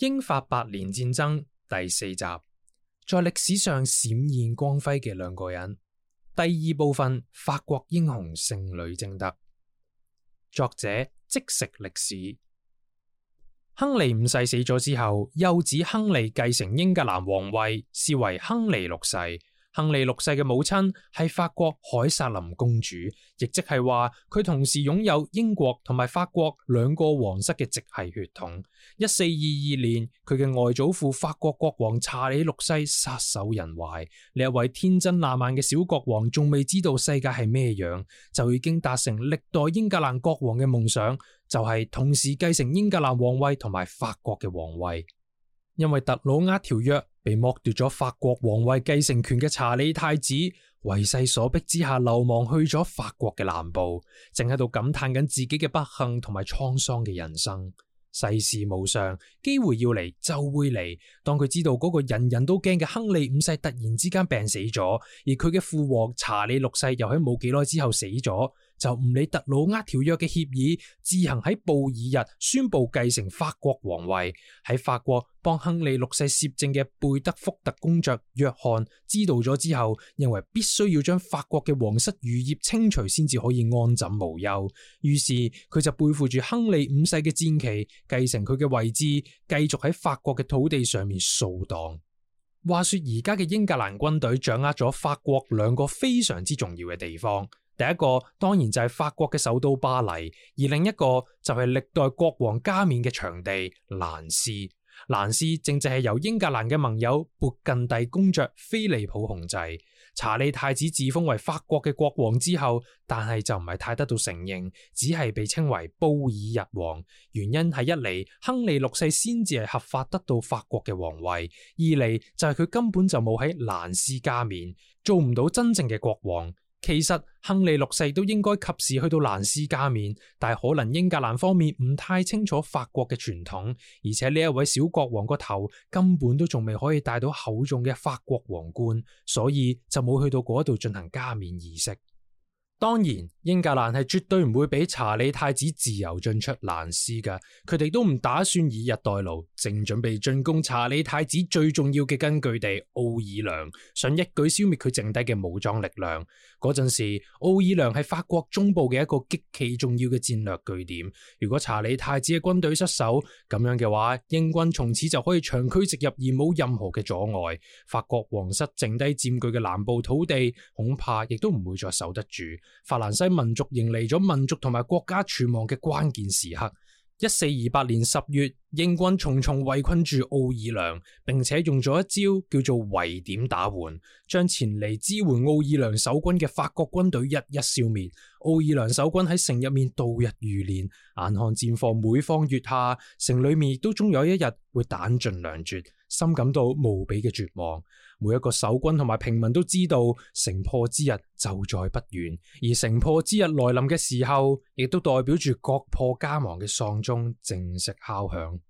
英法百年戰爭第四集，在歷史上閃現光輝嘅兩個人。第二部分，法國英雄聖女貞德。作者即食歷史。亨利五世死咗之後，幼子亨利繼承英格蘭皇位，是為亨利六世。亨利六世嘅母親係法國凱撒琳公主，亦即係話佢同時擁有英國同埋法國兩個皇室嘅直系血統。一四二二年，佢嘅外祖父法國國王查理六世撒手人寰，呢位天真爛漫嘅小國王，仲未知道世界係咩樣，就已經達成歷代英格蘭國王嘅夢想，就係、是、同時繼承英格蘭皇位同埋法國嘅皇位。因為特魯厄條約被剝奪咗法國皇位繼承權嘅查理太子，為勢所逼之下流亡去咗法國嘅南部，淨喺度感嘆緊自己嘅不幸同埋滄桑嘅人生。世事無常，機會要嚟，就會嚟。當佢知道嗰個人人都驚嘅亨利五世突然之間病死咗，而佢嘅父王查理六世又喺冇幾耐之後死咗，就唔理特魯厄條約嘅協議，自行喺布爾日宣布繼承法國皇位。喺法國幫亨利六世攝政嘅貝德福德公爵約翰知道咗之後，認為必須要將法國嘅皇室餘孽清除，先至可以安枕無憂。於是佢就背負住亨利五世嘅戰旗，繼承佢嘅位置，繼續喺法國嘅土地上面掃蕩。話說而家嘅英格蘭軍隊掌握咗法國兩個非常之重要嘅地方。第一個當然就係法國嘅首都巴黎，而另一個就係歷代國王加冕嘅場地蘭斯。蘭斯正正係由英格蘭嘅盟友勃艮第公爵菲利普控制。查理太子自封為法國嘅國王之後，但係就唔係太得到承認，只係被稱為布爾日王。原因係一嚟亨利六世先至係合法得到法國嘅皇位，二嚟就係佢根本就冇喺蘭斯加冕，做唔到真正嘅國王。其實亨利六世都應該及時去到蘭斯加冕，但可能英格蘭方面唔太清楚法國嘅傳統，而且呢一位小國王個頭根本都仲未可以戴到厚重嘅法國皇冠，所以就冇去到嗰度進行加冕儀式。當然，英格蘭係絕對唔會俾查理太子自由進出蘭斯噶，佢哋都唔打算以逸待勞，正準備進攻查理太子最重要嘅根據地奧爾良，想一舉消滅佢剩低嘅武裝力量。嗰陣時，奧爾良係法國中部嘅一個極其重要嘅戰略據點，如果查理太子嘅軍隊失守，咁樣嘅話，英軍從此就可以長驅直入而冇任何嘅阻礙，法國皇室剩低佔據嘅南部土地，恐怕亦都唔會再守得住。法蘭西民族迎嚟咗民族同埋國家存亡嘅關鍵時刻。一四二八年十月，英軍重重圍困住奧爾良，並且用咗一招叫做圍點打援，將前嚟支援奧爾良守軍嘅法國軍隊一一消滅。奧爾良守軍喺城入面度日如年，眼看戰況每況愈下，城裏面都終有一日會彈盡糧絕，深感到無比嘅絕望。每一個守軍同埋平民都知道城破之日就在不遠，而城破之日來臨嘅時候，亦都代表住國破家亡嘅喪鐘正式敲響，響。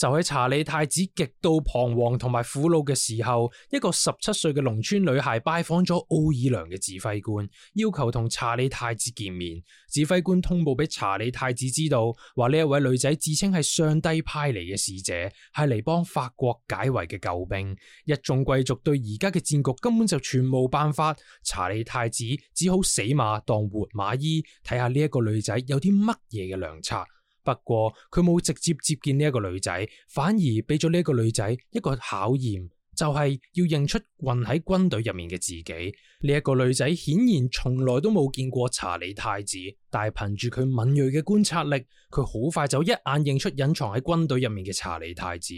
就喺查理太子極度彷徨同埋苦惱嘅時候，一個十七歲嘅農村女孩拜訪咗奧爾良嘅指揮官，要求同查理太子見面。指揮官通報俾查理太子知道，話呢一位女仔自稱係上帝派嚟嘅使者，係嚟幫法國解圍嘅救兵。一眾貴族對而家嘅戰局根本就全無辦法，查理太子只好死馬當活馬醫，睇下呢一個女仔有啲乜嘢嘅良策。不過佢冇直接接見呢一個女仔，反而俾咗呢一個女仔一個考驗，就係要認出混喺軍隊入面嘅自己。呢一個女仔顯然從來都冇見過查理太子，但係憑住佢敏銳嘅觀察力，佢好快就一眼認出隱藏喺軍隊入面嘅查理太子。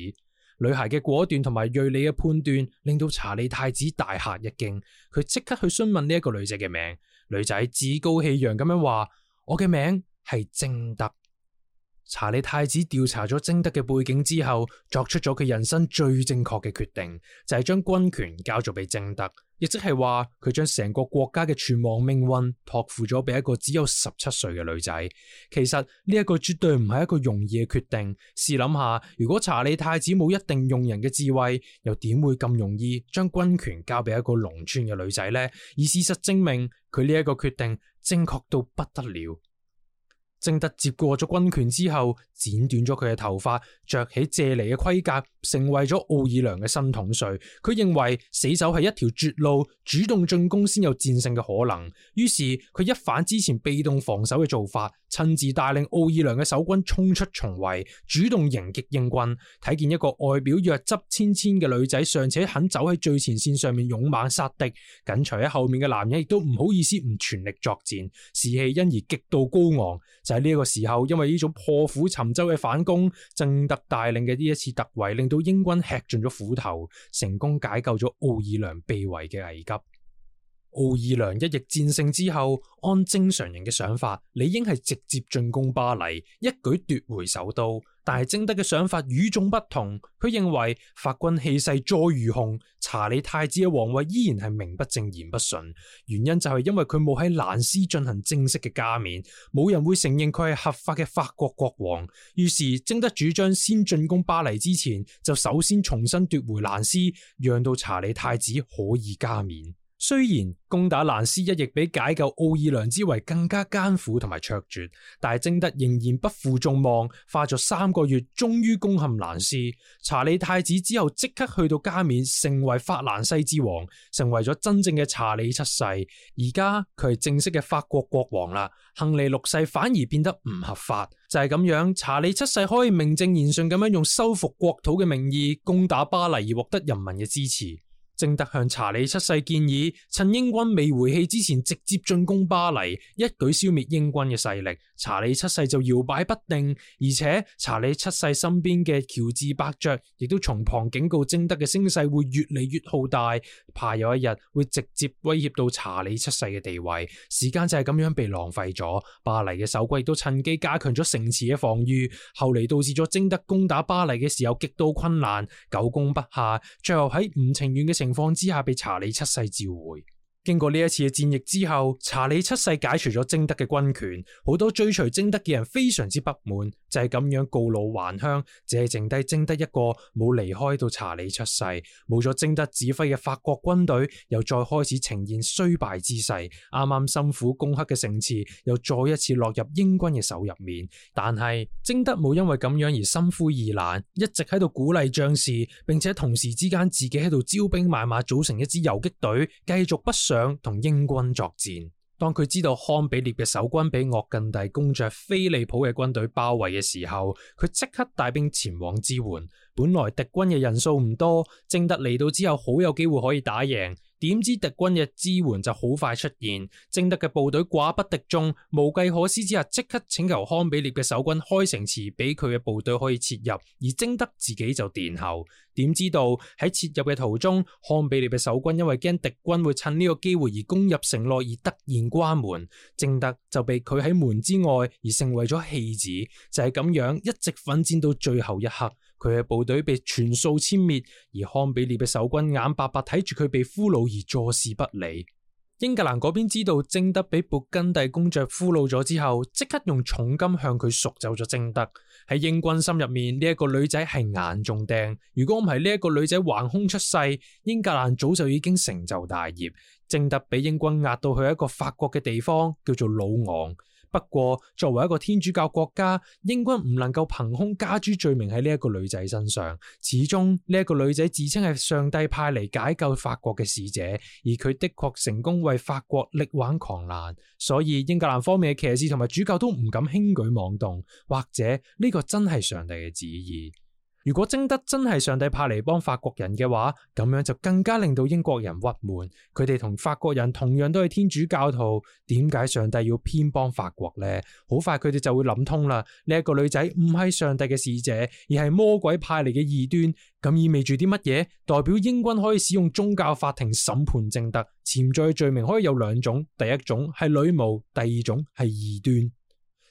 女孩嘅果斷同埋銳利嘅判斷，令到查理太子大吓一驚。佢即刻去詢問呢一個女仔嘅名，女仔趾高氣揚咁樣話：我嘅名係貞德。查理太子調查咗貞德嘅背景之後，作出咗佢人生最正確嘅決定，就係、是、將軍權交咗俾貞德，亦即係話佢將成個國家嘅存亡命運託付咗俾一個只有十七歲嘅女仔。其實呢一、這個絕對唔係一個容易嘅決定。試諗下，如果查理太子冇一定用人嘅智慧，又點會咁容易將軍權交俾一個農村嘅女仔呢？而事實證明，佢呢一個決定正確到不得了。貞德接過咗軍權之後，剪短咗佢嘅頭髮，着起借嚟嘅盔甲，成為咗奧爾良嘅新統帥。佢認為死守係一條絕路，主動進攻先有戰勝嘅可能。於是佢一反之前被動防守嘅做法，親自帶領奧爾良嘅守軍衝出重圍，主動迎擊英軍。睇見一個外表弱質纖纖嘅女仔尚且肯走喺最前綫上面勇猛殺敵，緊隨喺後面嘅男人亦都唔好意思唔全力作戰，士氣因而極度高昂。喺呢一個時候，因為呢種破釜沉舟嘅反攻，貞德帶領嘅呢一次突圍，令到英軍吃盡咗苦頭，成功解救咗奧爾良被圍嘅危急。奧爾良一役戰勝之後，按正常人嘅想法，理應係直接進攻巴黎，一舉奪回首都。但係貞德嘅想法與眾不同，佢認為法軍氣勢再如虹，查理太子嘅皇位依然係名不正言不順，原因就係因為佢冇喺蘭斯進行正式嘅加冕，冇人會承認佢係合法嘅法國國王。於是貞德主張先進攻巴黎之前，就首先重新奪回蘭斯，讓到查理太子可以加冕。雖然攻打蘭斯一役比解救奧爾良之圍更加艱苦同埋卓絕，但係貞德仍然不負眾望，花咗三個月，終於攻陷蘭斯。查理太子之後即刻去到加冕，成為法蘭西之王，成為咗真正嘅查理七世。而家佢係正式嘅法國國王啦。亨利六世反而變得唔合法，就係、是、咁樣，查理七世可以名正言順咁樣用收復國土嘅名義攻打巴黎，而獲得人民嘅支持。貞德向查理七世建議，趁英軍未回氣之前，直接進攻巴黎，一舉消滅英軍嘅勢力。查理七世就搖擺不定，而且查理七世身邊嘅喬治伯爵亦都從旁警告，貞德嘅聲勢會越嚟越浩大，怕有一日會直接威脅到查理七世嘅地位。時間就係咁樣被浪費咗。巴黎嘅守軍亦都趁機加強咗城池嘅防禦，後嚟導致咗貞德攻打巴黎嘅時候極度困難，久攻不下，最後喺唔情願嘅情況之下被查理七世召回。經過呢一次嘅戰役之後，查理七世解除咗貞德嘅軍權，好多追隨貞德嘅人非常之不滿，就係咁樣告老還鄉，只係剩低貞德一個冇離開到查理七世。冇咗貞德指揮嘅法國軍隊，又再開始呈現衰敗之勢。啱啱辛苦攻克嘅城池，又再一次落入英軍嘅手入面。但係貞德冇因為咁樣而心灰意懶，一直喺度鼓勵將士，並且同時之間自己喺度招兵買馬，組成一支游擊隊，繼續不同英軍作戰，當佢知道康比涅嘅守軍被勃艮第公爵菲利普嘅軍隊包圍嘅時候，佢即刻帶兵前往支援。本來敵軍嘅人數唔多，貞德嚟到之後，好有機會可以打贏。點知敵軍嘅支援就好快出現，貞德嘅部隊寡不敵眾，無計可施之下，即刻請求康比涅嘅守軍開城池俾佢嘅部隊可以切入，而貞德自己就殿後。點知道喺切入嘅途中，康比涅嘅守軍因為驚敵軍會趁呢個機會而攻入城內，而突然關門，貞德就被佢喺門之外而成為咗棄子，就係、是、咁樣一直奮戰到最後一刻。佢嘅部隊被全數殲滅，而康比涅嘅守軍眼白白睇住佢被俘虜而坐視不理。英格蘭嗰邊知道貞德俾勃艮第公爵俘虜咗之後，即刻用重金向佢贖走咗貞德。喺英軍心入面，呢、這、一個女仔係眼中釘。如果唔係呢一個女仔橫空出世，英格蘭早就已經成就大業。貞德俾英軍壓到去一個法國嘅地方叫做魯昂。不過，作為一個天主教國家，英軍唔能夠憑空加諸罪名喺呢一個女仔身上。始終呢一個女仔自稱係上帝派嚟解救法國嘅使者，而佢的確成功為法國力挽狂瀾。所以英格蘭方面嘅騎士同埋主教都唔敢輕舉妄動，或者呢個真係上帝嘅旨意。如果貞德真係上帝派嚟幫法國人嘅話，咁樣就更加令到英國人鬱悶。佢哋同法國人同樣都係天主教徒，點解上帝要偏幫法國呢？好快佢哋就會諗通啦。呢、這、一個女仔唔係上帝嘅使者，而係魔鬼派嚟嘅異端。咁意味住啲乜嘢？代表英軍可以使用宗教法庭審判貞德，潛在罪名可以有兩種：第一種係女巫，第二種係異端。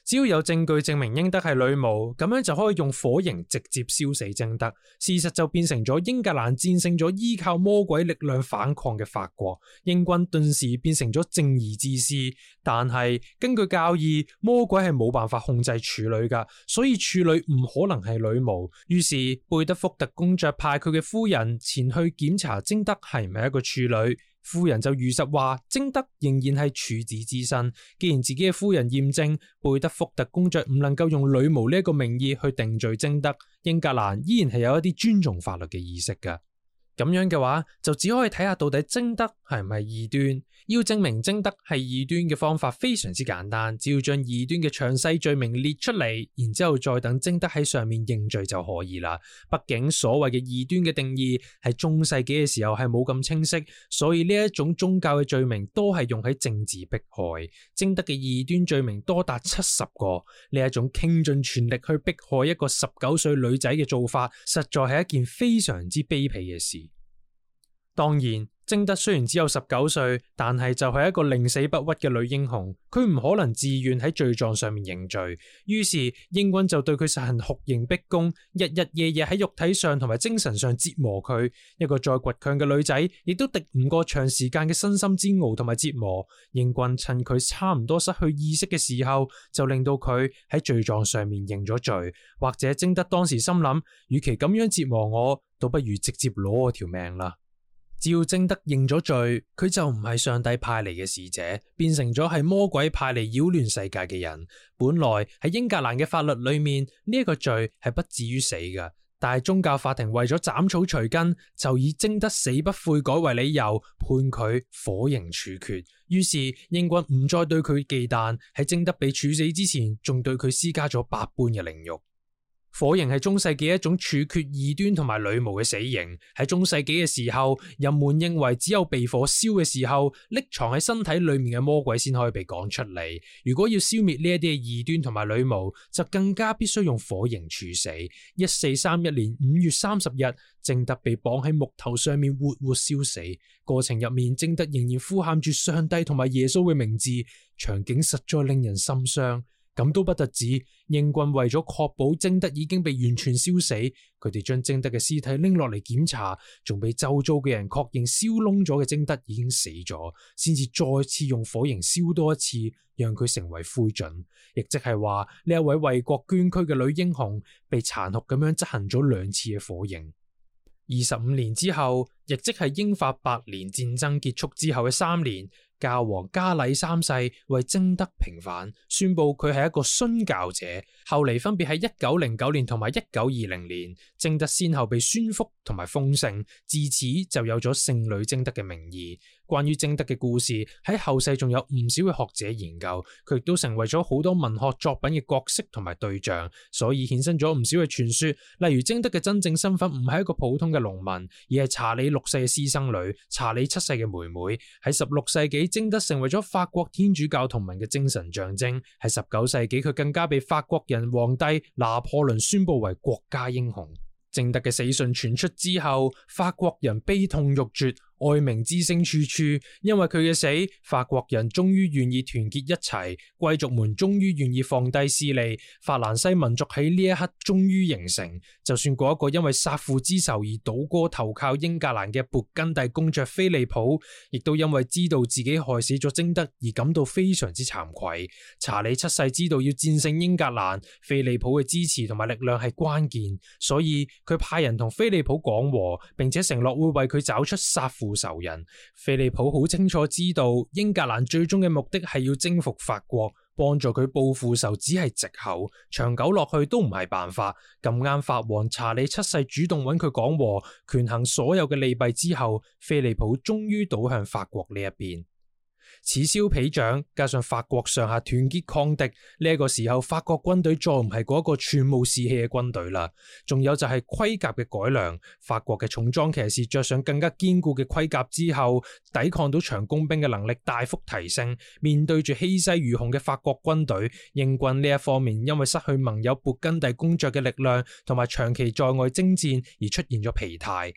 只要有證據證明貞德係女巫，咁樣就可以用火刑直接燒死貞德。事實就變成咗英格蘭戰勝咗依靠魔鬼力量反抗嘅法國，英軍頓時變成咗正義之師。但係根據教義，魔鬼係冇辦法控制處女㗎，所以處女唔可能係女巫。於是貝德福特公爵派佢嘅夫人前去檢查貞德係唔係一個處女。夫人就如實話，貞德仍然係處子之身。既然自己嘅夫人驗證，貝德福特公爵唔能夠用女巫呢一個名義去定罪貞德。英格蘭依然係有一啲尊重法律嘅意識嘅。咁樣嘅話，就只可以睇下到底貞德係唔係異端。要證明貞德係異端嘅方法非常之簡單，只要將異端嘅詳細罪名列出嚟，然之後再等貞德喺上面認罪就可以啦。畢竟所謂嘅異端嘅定義喺中世紀嘅時候係冇咁清晰，所以呢一種宗教嘅罪名都係用喺政治迫害。貞德嘅異端罪名多達七十個，呢一種傾盡全力去迫害一個十九歲女仔嘅做法，實在係一件非常之卑鄙嘅事。當然，貞德雖然只有十九歲，但係就係一個寧死不屈嘅女英雄。佢唔可能自願喺罪狀上面認罪，於是英軍就對佢實行酷刑逼供，日日夜夜喺肉體上同埋精神上折磨佢。一個再倔強嘅女仔，亦都敵唔過長時間嘅身心煎熬同埋折磨。英軍趁佢差唔多失去意識嘅時候，就令到佢喺罪狀上面認咗罪。或者貞德當時心諗，與其咁樣折磨我，倒不如直接攞我條命啦。只要貞德認咗罪，佢就唔係上帝派嚟嘅使者，變成咗係魔鬼派嚟擾亂世界嘅人。本來喺英格蘭嘅法律裏面，呢一個罪係不至於死嘅，但係宗教法庭為咗斬草除根，就以貞德死不悔改為理由判佢火刑處決。於是英軍唔再對佢忌憚，喺貞德被處死之前，仲對佢施加咗百般嘅凌辱。火刑係中世紀一種處決異端同埋女巫嘅死刑。喺中世紀嘅時候，人們認為只有被火燒嘅時候，匿藏喺身體裏面嘅魔鬼先可以被趕出嚟。如果要消滅呢一啲異端同埋女巫，就更加必須用火刑處死。一四三一年五月三十日，貞德被綁喺木頭上面活活燒死，過程入面貞德仍然呼喊住上帝同埋耶穌嘅名字，場景實在令人心傷。咁都不得止。英軍為咗確保貞德已經被完全燒死，佢哋將貞德嘅屍體拎落嚟檢查，仲被周遭嘅人確認燒窿咗嘅貞德已經死咗，先至再次用火刑燒多一次，讓佢成為灰燼。亦即係話呢一位為國捐軀嘅女英雄，被殘酷咁樣執行咗兩次嘅火刑。二十五年之後，亦即係英法百年戰爭結束之後嘅三年。教皇加禮三世為貞德平反，宣布佢係一個殉教者。後嚟分別喺一九零九年同埋一九二零年，貞德先後被宣福同埋封聖，自此就有咗聖女貞德嘅名義。關於貞德嘅故事喺後世仲有唔少嘅學者研究，佢亦都成為咗好多文學作品嘅角色同埋對象，所以衍生咗唔少嘅傳說。例如貞德嘅真正身份唔係一個普通嘅農民，而係查理六世嘅私生女，查理七世嘅妹妹。喺十六世紀，貞德成為咗法國天主教同盟嘅精神象徵。喺十九世紀，佢更加被法國人皇帝拿破崙宣布為國家英雄。貞德嘅死訊傳出之後，法國人悲痛欲絕。哀鳴之聲處處，因為佢嘅死，法國人終於願意團結一齊，貴族們終於願意放低私利，法蘭西民族喺呢一刻終於形成。就算嗰一個因為殺父之仇而倒戈投靠英格蘭嘅勃艮第公爵菲利普，亦都因為知道自己害死咗貞德而感到非常之慚愧。查理七世知道要戰勝英格蘭，菲利普嘅支持同埋力量係關鍵，所以佢派人同菲利普講和，并且承諾會為佢找出殺父。仇人。菲利普好清楚知道英格蘭最終嘅目的係要征服法國，幫助佢報復仇只係借口，長久落去都唔係辦法。咁啱，法王查理七世主動揾佢講和，權衡所有嘅利弊之後，菲利普終於倒向法國呢一邊。此消彼長，加上法國上下團結抗敵，呢個時候法國軍隊再唔係嗰一個全無士氣嘅軍隊啦。仲有就係盔甲嘅改良，法國嘅重裝騎士着上更加堅固嘅盔甲之後，抵抗到長弓兵嘅能力大幅提升。面對住氣勢如虹嘅法國軍隊，英軍呢一方面因為失去盟友勃艮第公爵嘅力量，同埋長期在外征戰而出現咗疲態。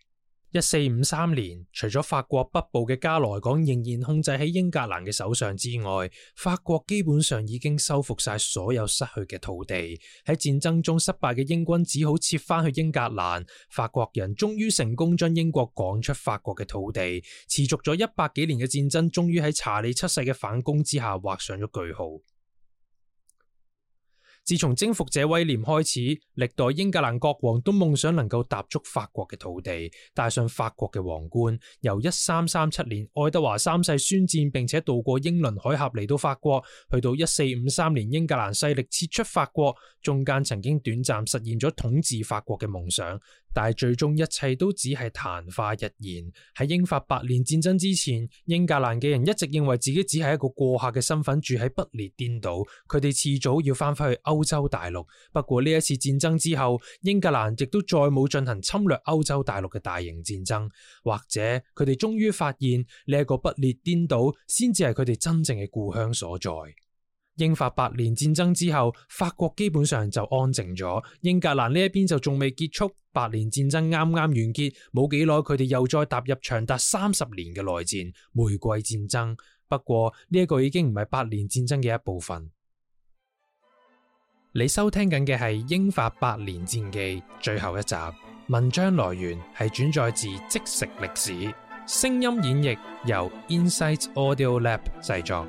一四五三年，除咗法國北部嘅加萊港仍然控制喺英格蘭嘅手上之外，法國基本上已經收復晒所有失去嘅土地。喺戰爭中失敗嘅英軍只好撤翻去英格蘭，法國人終於成功將英國趕出法國嘅土地。持續咗一百幾年嘅戰爭，終於喺查理七世嘅反攻之下畫上咗句號。自從征服者威廉開始，歷代英格蘭國王都夢想能夠踏足法國嘅土地，戴上法國嘅皇冠。由一三三七年愛德華三世宣戰，並且渡過英倫海峽嚟到法國，去到一四五三年英格蘭勢力撤出法國，中間曾經短暫實現咗統治法國嘅夢想，但係最終一切都只係曇花一現。喺英法百年戰爭之前，英格蘭嘅人一直認為自己只係一個過客嘅身份住喺不列顛島，佢哋遲早要翻返去歐。歐洲大陸。不過呢一次戰爭之後，英格蘭亦都再冇進行侵略歐洲大陸嘅大型戰爭，或者佢哋終於發現呢一個不列顛島先至係佢哋真正嘅故鄉所在。英法百年戰爭之後，法國基本上就安靜咗，英格蘭呢一邊就仲未結束。百年戰爭啱啱完結冇幾耐，佢哋又再踏入長達三十年嘅內戰——玫瑰戰爭。不過呢一個已經唔係百年戰爭嘅一部分。你收聽緊嘅係《英法百年戰記》最後一集，文章來源係轉載自即食歷史，聲音演繹由 Insight Audio Lab 製作。